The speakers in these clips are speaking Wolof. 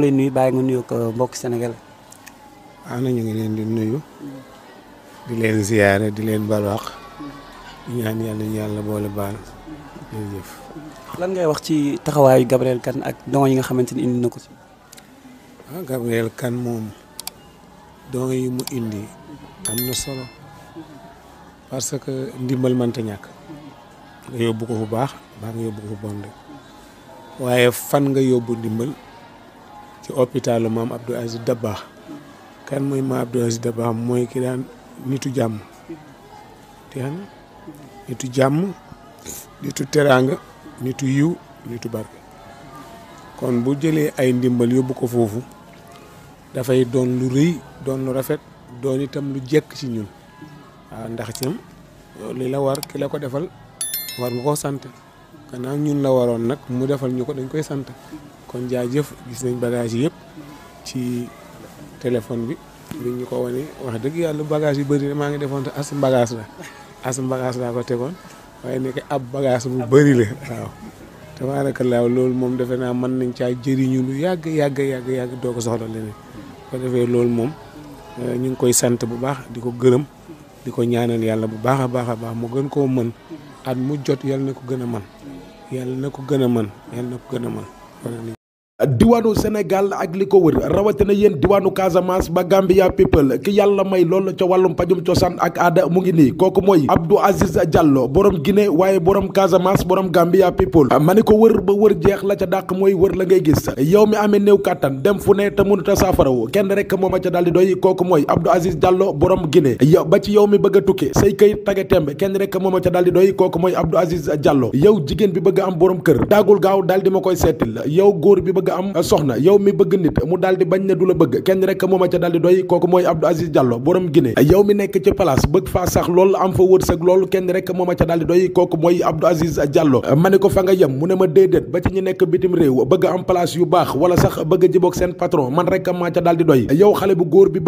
mu lay nuyu bàyyi nga nuyu ko mbokk na ñu ngi leen di nuyu. di leen ziyaare di leen balwaax. ñaan yàlla ñu yàlla boole baal. lan ngay wax ci taxawaayu Gabriel kan ak don yi nga xamante ni indi na ko si ah Gabriel kan moom don yi mu indi am na solo parce que ndimbal mënta ñàkk nga yóbbu ko fu baax baa nga yóbbu ko fu bon waaye nga yóbbu ndimbal. ci hôpital maam Abdou Aziz Dabakh kan mooy maam Abdou Aziz Dabakh mooy ki daan nitu jàmm ten nitu jàmm nitu teraanga nitu yiw nitu barke kon bu jëlee ay ndimbal yóbbu ko foofu dafay doon lu rëy doon lu rafet doon itam lu jekk ci ñun waaw ndax ci li la war ki la ko defal war nga koo sant gannaaw ñun la waroon nag mu defal ñu ko dañ koy sant kon jaajëf gis nañ bagage yi yëpp ci téléphone bi bi ñu ko wane wax dëgg yàlla bagage yu bëri maa ngi defoon te as bagage la as bagage laa ko tegoon waaye nekk ab bagage bu bëri la waaw tabaarakallaa loolu moom defe naa mën nañ caa jëriñu lu yàgg yàgg yàgg yàgg doo ko soxla leneen ko defee loolu moom euh, ñu ngi koy sant bu baax di ko gërëm di ko ñaanal yàlla bu baax a baax a baax mu gën koo mën at mu jot yàlla na ko gën a man yàlla na ko gën a mën yàlla diwaanu Sénégal ak li ko wër rawatina yéen diwaanu Casamance ba Gambia people ki yàlla may lool ca wàllum pajum cosaan ak aada mu ngi nii kooku mooy Abdou Aziz Diallo borom gine waaye borom Casamance borom Gambia people ma ni ko wër ba wër jeex la ca dàq mooy wër la ngay gis yow mi amee néew kàttan dem fu ne te mënut a saafarawu kenn rek moom a ca daal di doy kooku mooy Abdou Aziz Diallo borom gine yow ba ci yow mi bëgg a tukki say këyit tage tembe kenn rek moom a ca daal di doy kooku mooy Abdou Aziz Diallo yow jigéen bi bëgg a am borom kër daagul gaaw daal di ma koy seetil yow bëgg am soxna yow mi bëgg nit mu daal bañ ne du la bëgg kenn rek mooma ca daal di doy kooku mooy Abdou Aziz Diallo borom Guinée yow mi nekk ci place bëgg faa sax loolu am fa wërsëg loolu kenn rek mooma ca daal doy kooku mooy Abdou Aziz Diallo ko fa nga yem mu ne ma déedéet ba ci ñi nekk bitim réew bëgg am place yu baax wala sax bëgg jiboog seen patron man rek maa ca daal di doy yow xale bu góor bi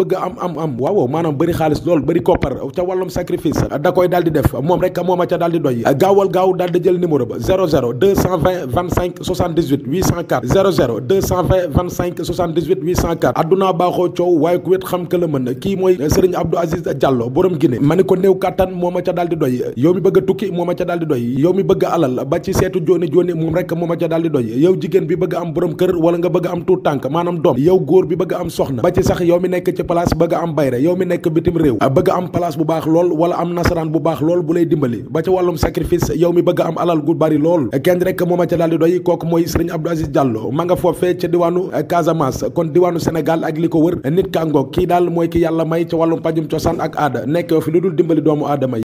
jaaro 220 25 78 804 addunaa baaxoo coow waaye ku wet xam ka la mën kii mooy Serigne Abdou Aziz Diallo borom Guinée ma ne ko néew kàttan moo ma ca daal yow mi bëgg a tukki moo ma ca daal doy yow mi bëgg a alal ba ci seetu jooni jooni moom rek moo ma ca daal di doy yow jigéen bi a am borom kër wala nga bëgg am tuut tànk doom yow góor bi bëgg a am soxna ba ci sax yow mi nekk ci place bëgg a am bayre yow mi nekk bitim réew bëgg a am place bu baax lool wala am nasaraan bu baax lool bu lay dimbali ba ci wàllum sacrifice yow mi bëgg a am alal gu bari lool kenn rek moo ma ca daal di doy kooku mooy Serigne Abdou Aziz nga foofee ca diwaanu eh, Casamance kon diwaanu Sénégal ak li ko wër nit kàngoog kii daal mooy ki yàlla may ci wàllu pajum cosaan ak aada nekk fi lu dul dimbali doomu aadama yi